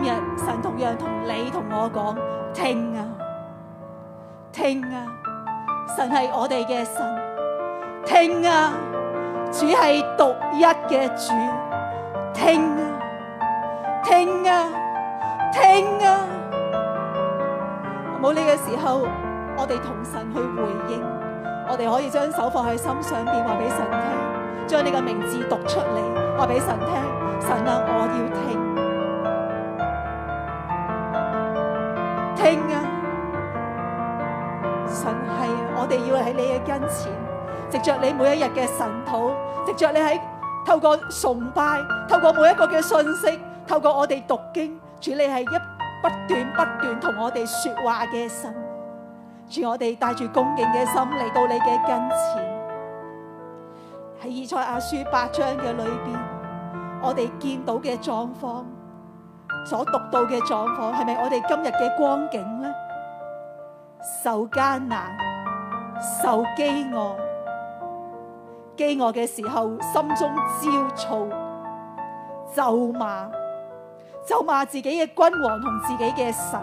今日神同樣同你同我講，聽啊聽啊，神係我哋嘅神，聽啊，主係獨一嘅主，聽啊聽啊聽啊，冇、啊、你嘅時候，我哋同神去回應，我哋可以將手放喺心上邊話俾神聽，將你嘅名字讀出嚟話俾神聽，神啊我要聽。跟前，藉着你每一日嘅神土，藉着你喺透過崇拜、透過每一個嘅信息、透過我哋讀經，主你係一不斷不斷同我哋說話嘅神，主我哋帶住恭敬嘅心嚟到你嘅跟前。喺以賽亞書八章嘅裏邊，我哋見到嘅狀況，所讀到嘅狀況，係咪我哋今日嘅光景呢？受艱難。受飢餓，飢餓嘅時候心中焦躁，咒罵咒罵自己嘅君王同自己嘅神，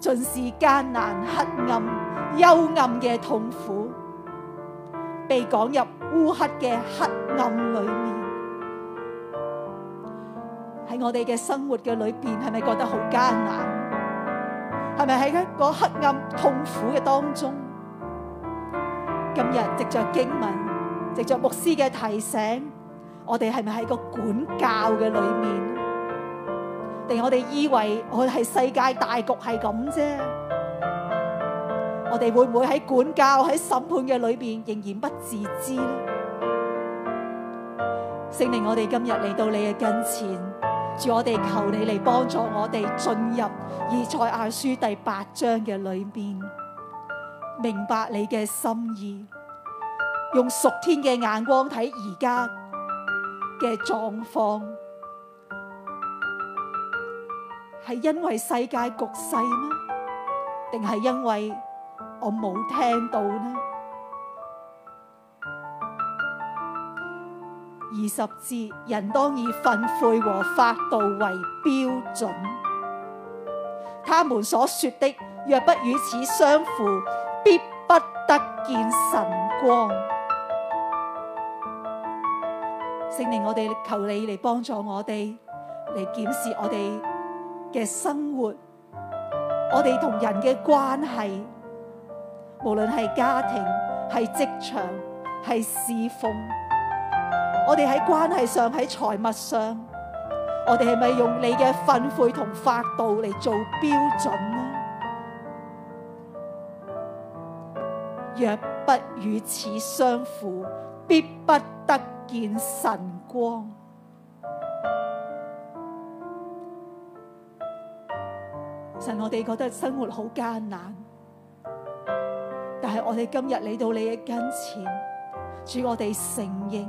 盡是艱難黑暗幽暗嘅痛苦，被趕入烏黑嘅黑暗裏面。喺我哋嘅生活嘅裏邊，係咪覺得好艱難？係咪喺一個黑暗痛苦嘅當中？今日藉着經文，藉着牧師嘅提醒，我哋係咪喺個管教嘅裏面？定我哋以為我哋係世界大局係咁啫？我哋會唔會喺管教、喺審判嘅裏邊仍然不自知呢？聖靈，我哋今日嚟到你嘅跟前。主，我哋求你嚟幫助我哋進入以賽亞書第八章嘅裏面，明白你嘅心意，用屬天嘅眼光睇而家嘅狀況，係因為世界局勢咩？定係因為我冇聽到呢？二十字，人當以訓誨和法度為標準。他們所說的，若不與此相符，必不得見晨光。聖靈，我哋求你嚟幫助我哋嚟檢視我哋嘅生活，我哋同人嘅關係，無論係家庭、係職場、係侍奉。我哋喺關係上，喺財物上，我哋係咪用你嘅訓誨同法度嚟做標準呢？若不與此相符，必不得見晨光。神，我哋覺得生活好艱難，但係我哋今日嚟到你嘅跟前，主我哋承認。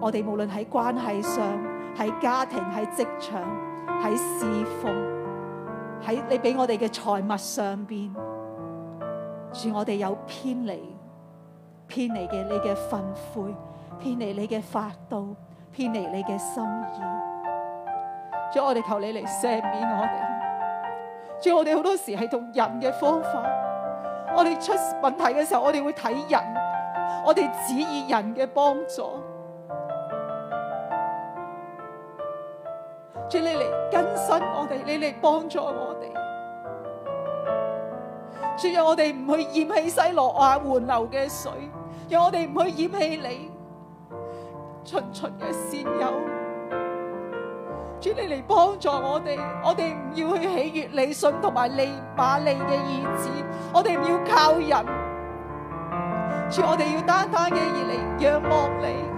我哋無論喺關係上、喺家庭、喺職場、喺侍奉、喺你俾我哋嘅財物上面，主，我哋有偏離、偏離嘅你嘅訓誨、偏離你嘅法度、偏離你嘅心意。主，我哋求你嚟，赦免我哋。主，我哋好多時係同人嘅方法，我哋出問題嘅時候，我哋會睇人，我哋指以人嘅幫助。主你嚟更新我哋，你嚟幫助我哋。主，讓我哋唔去厭棄西羅亞緩流嘅水，讓我哋唔去厭棄你循循嘅善友。主你嚟幫助我哋，我哋唔要去喜悅利汛同埋利馬利嘅意志，我哋唔要靠人。主我哋要單單嘅而嚟仰望你。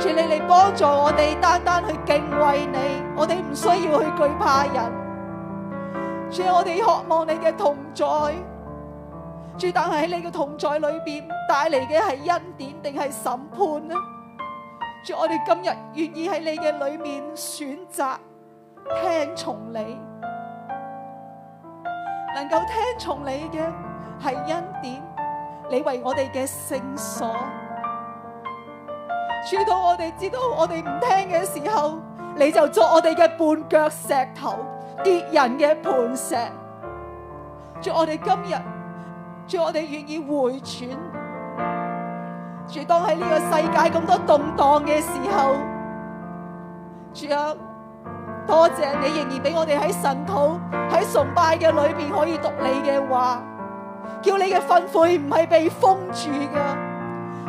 主你嚟幫助我哋，單單去敬畏你，我哋唔需要去懼怕人。主我哋渴望你嘅同在，主但係喺你嘅同在裏邊帶嚟嘅係恩典定係審判呢？主我哋今日願意喺你嘅裡面選擇聽從你，能夠聽從你嘅係恩典，你為我哋嘅聖所。直到我哋直到我哋唔聽嘅時候，你就作我哋嘅絆腳石頭，跌人嘅磐石。祝我哋今日，祝我哋願意回轉。住當喺呢個世界咁多動盪嘅時候，主啊！多謝你仍然俾我哋喺神土喺崇拜嘅裏邊可以讀你嘅話，叫你嘅分悔唔係被封住㗎。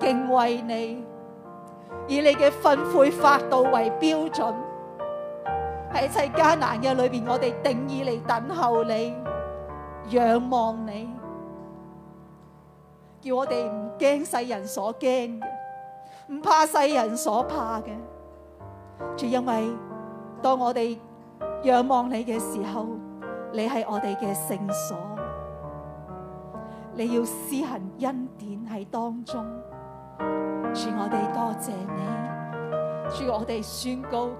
敬畏你，以你嘅訓誨法度為標準，喺一切艱難嘅裏邊，我哋定意嚟等候你，仰望你，叫我哋唔驚世人所驚嘅，唔怕世人所怕嘅。就因為當我哋仰望你嘅時候，你係我哋嘅聖所，你要施行恩典喺當中。主，我哋多謝你，主，我哋宣告，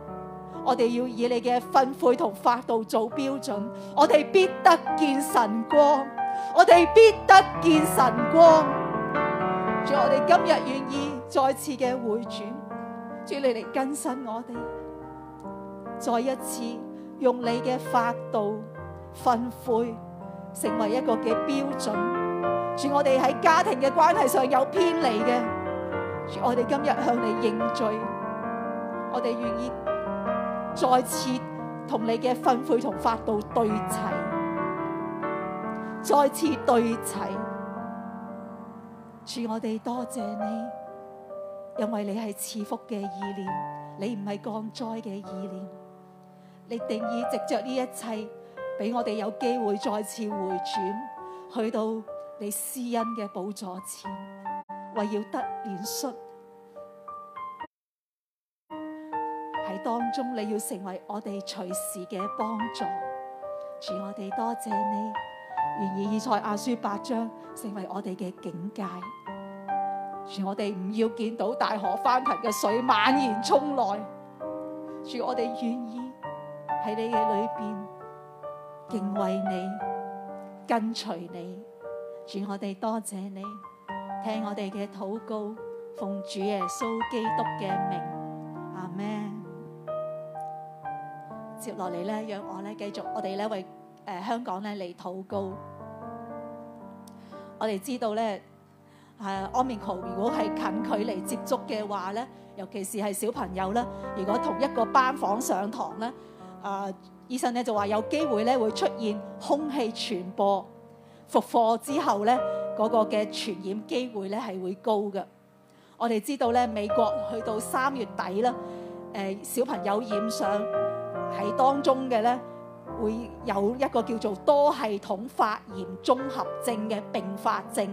我哋要以你嘅訓誨同法度做標準，我哋必得見神光，我哋必得見神光。主，我哋今日願意再次嘅回轉，主你嚟更新我哋，再一次用你嘅法度、訓誨成為一個嘅標準。主，我哋喺家庭嘅關係上有偏離嘅。主，我哋今日向你認罪，我哋願意再次同你嘅訓誨同法度對齊，再次對齊。主，我哋多謝你，因為你係賜福嘅意念，你唔係降災嘅意念，你定義藉着呢一切，俾我哋有機會再次回轉，去到你施恩嘅寶座前。為要得憐恤，喺當中，你要成為我哋隨時嘅幫助。主，我哋多謝你，願意以賽亞書八章成為我哋嘅境界。主，我哋唔要見到大河翻騰嘅水猛然衝來，主，我哋願意喺你嘅裏面敬畏你，跟隨你。主，我哋多謝你。聽我哋嘅禱告，奉主耶穌基督嘅名，阿門。接落嚟咧，讓我咧繼續，我哋咧為誒、呃、香港咧嚟禱告。我哋知道咧，誒、啊、Omicron 如果係近距離接觸嘅話咧，尤其是係小朋友啦，如果同一個班房上堂咧，啊，醫生咧就話有機會咧會出現空氣傳播。復課之後咧。嗰個嘅傳染機會咧係會高嘅，我哋知道咧美國去到三月底咧，誒、呃、小朋友染上喺當中嘅咧，會有一個叫做多系統發炎綜合症嘅併發症，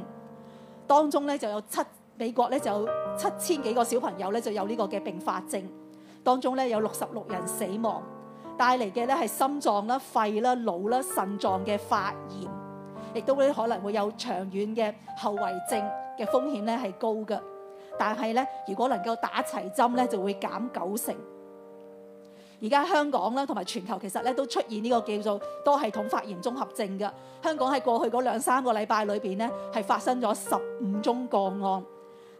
當中咧就有七美國咧就有七千幾個小朋友咧就有呢個嘅併發症，當中咧有六十六人死亡，帶嚟嘅咧係心臟啦、肺啦、腦啦、腎臟嘅發炎。亦都咧可能會有長遠嘅後遺症嘅風險咧，係高嘅。但係咧，如果能夠打齊針咧，就會減九成。而家香港啦，同埋全球其實咧都出現呢個叫做多系統發炎綜合症嘅。香港喺過去嗰兩三個禮拜裏邊咧係發生咗十五宗個案。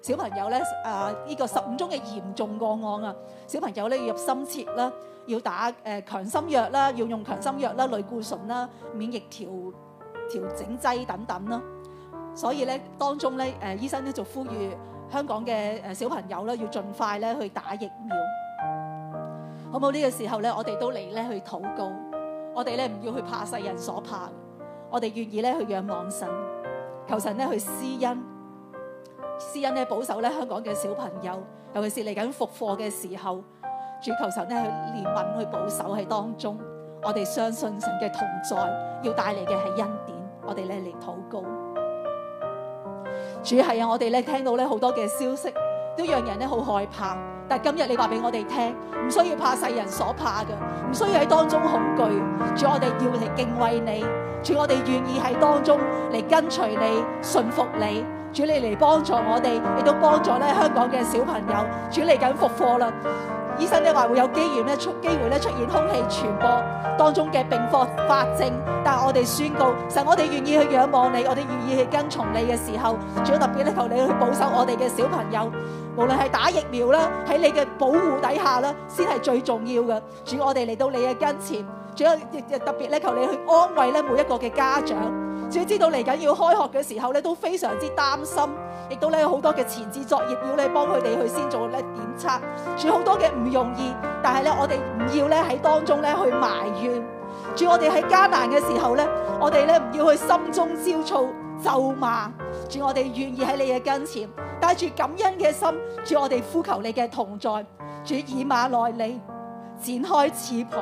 小朋友咧啊！呢個十五宗嘅嚴重個案啊，小朋友咧要入深切啦，要打誒強心藥啦，要用強心藥啦、類固醇啦、免疫調調整劑等等咯，所以咧當中咧，誒、呃、醫生咧就呼籲香港嘅誒小朋友咧要盡快咧去打疫苗，好唔好呢？這個時候咧，我哋都嚟咧去禱告。我哋咧唔要去怕世人所怕，我哋願意咧去仰望神，求神咧去施恩，施恩咧保守咧香港嘅小朋友，尤其是嚟緊復課嘅時候，主求神咧去憐憫去保守喺當中，我哋相信神嘅同在要帶嚟嘅係恩典。我哋咧嚟禱告，主係啊！我哋咧聽到咧好多嘅消息，都讓人咧好害怕。但今日你話俾我哋聽，唔需要怕世人所怕嘅，唔需要喺當中恐懼。主，我哋要嚟敬畏你，主，我哋願意喺當中嚟跟隨你、順服你。主，你嚟幫助我哋，亦都幫助咧香港嘅小朋友。主嚟緊復課啦！醫生咧話會有機緣咧，出機會咧出現空氣傳播當中嘅病況發症，但我哋宣告，其實我哋願意去仰望你，我哋願意去跟從你嘅時候，最特別咧求你去保守我哋嘅小朋友，無論係打疫苗啦，喺你嘅保護底下啦，先係最重要嘅。主，我哋嚟到你嘅跟前，仲有特別咧求你去安慰咧每一個嘅家長。主知道嚟緊要開學嘅時候咧都非常之擔心，亦都咧有好多嘅前置作業要你幫佢哋去先做咧檢測，主好多嘅唔容易，但係咧我哋唔要咧喺當中咧去埋怨，主我哋喺艱難嘅時候咧，我哋咧唔要去心中焦躁咒罵，主我哋願意喺你嘅跟前，帶住感恩嘅心，主我哋呼求你嘅同在，主以馬內利展開翅膀，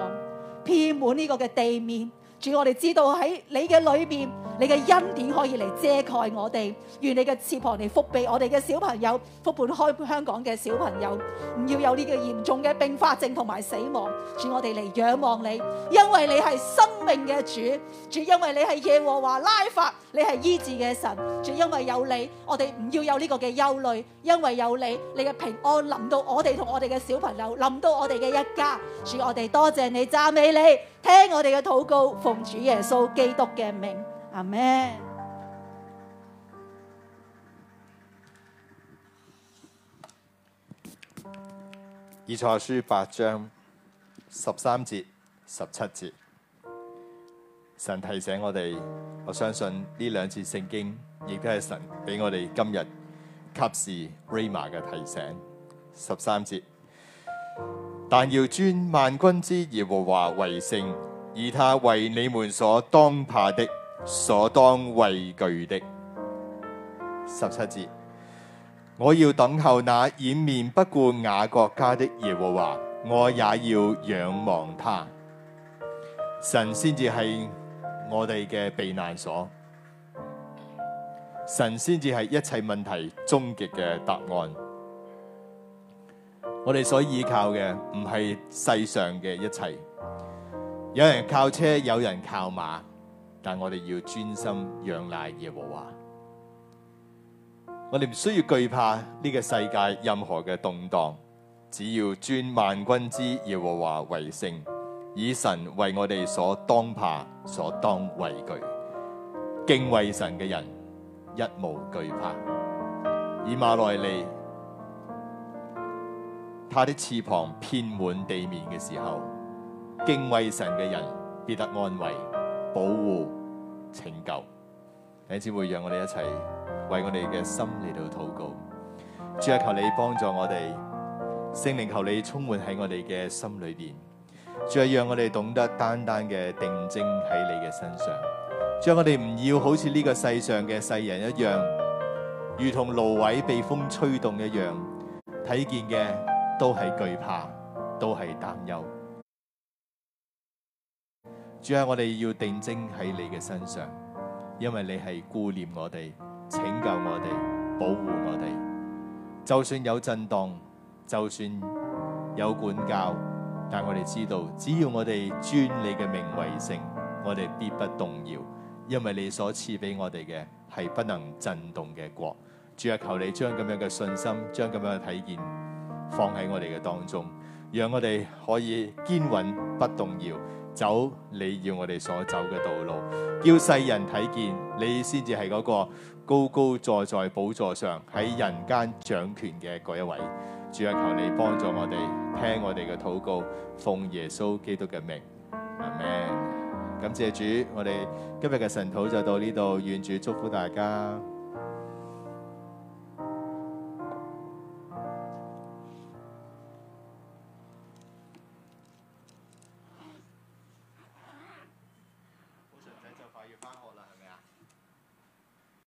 遍滿呢個嘅地面，主我哋知道喺你嘅裏邊。你嘅恩典可以嚟遮蓋我哋，願你嘅翅膀嚟覆庇我哋嘅小朋友，覆庇開香港嘅小朋友，唔要有呢個嚴重嘅併發症同埋死亡。主我哋嚟仰望你，因為你係生命嘅主。主因為你係耶和華拉法，你係醫治嘅神。主因為有你，我哋唔要有呢個嘅憂慮。因為有你，你嘅平安臨到我哋同我哋嘅小朋友，臨到我哋嘅一家。主我哋多謝你，讚美你，聽我哋嘅禱告，奉主耶穌基督嘅名。阿咩？啊、以賽亞書八章十三節十七節，神提醒我哋。我相信呢兩節聖經亦都係神俾我哋今日及時 r a m a 嘅提醒。十三節，但要尊萬軍之耶和華為聖，以他為你們所當怕的。所當畏懼的十七節，我要等候那掩面不顧雅各家的耶和華，我也要仰望他。神先至係我哋嘅避難所，神先至係一切問題終極嘅答案。我哋所依靠嘅唔係世上嘅一切，有人靠車，有人靠馬。但我哋要專心仰賴耶和華，我哋唔需要懼怕呢個世界任何嘅動盪，只要尊萬軍之耶和華為聖，以神為我哋所當怕、所當畏懼。敬畏神嘅人一無懼怕。以馬內利，他的翅膀遍滿地面嘅時候，敬畏神嘅人必得安慰、保護。拯救，你先會讓我哋一齊為我哋嘅心嚟到禱告。主啊，求你幫助我哋，聖靈求你充滿喺我哋嘅心裏邊。主啊，讓我哋懂得單單嘅定睛喺你嘅身上。主啊，我哋唔要好似呢個世上嘅世人一樣，如同蘆葦被風吹動一樣，睇見嘅都係懼怕，都係擔憂。主啊，我哋要定睛喺你嘅身上，因為你係顧念我哋、拯救我哋、保護我哋。就算有震盪，就算有管教，但我哋知道，只要我哋尊你嘅名為聖，我哋必不動搖，因為你所賜俾我哋嘅係不能震動嘅國。主係求你將咁樣嘅信心、將咁樣嘅體驗放喺我哋嘅當中，讓我哋可以堅穩不動搖。走你要我哋所走嘅道路，叫世人睇見你先至係嗰個高高坐在寶座上喺人間掌權嘅嗰一位。主啊，求你幫助我哋聽我哋嘅禱告，奉耶穌基督嘅名。阿門。感謝主，我哋今日嘅神禱就到呢度，願主祝福大家。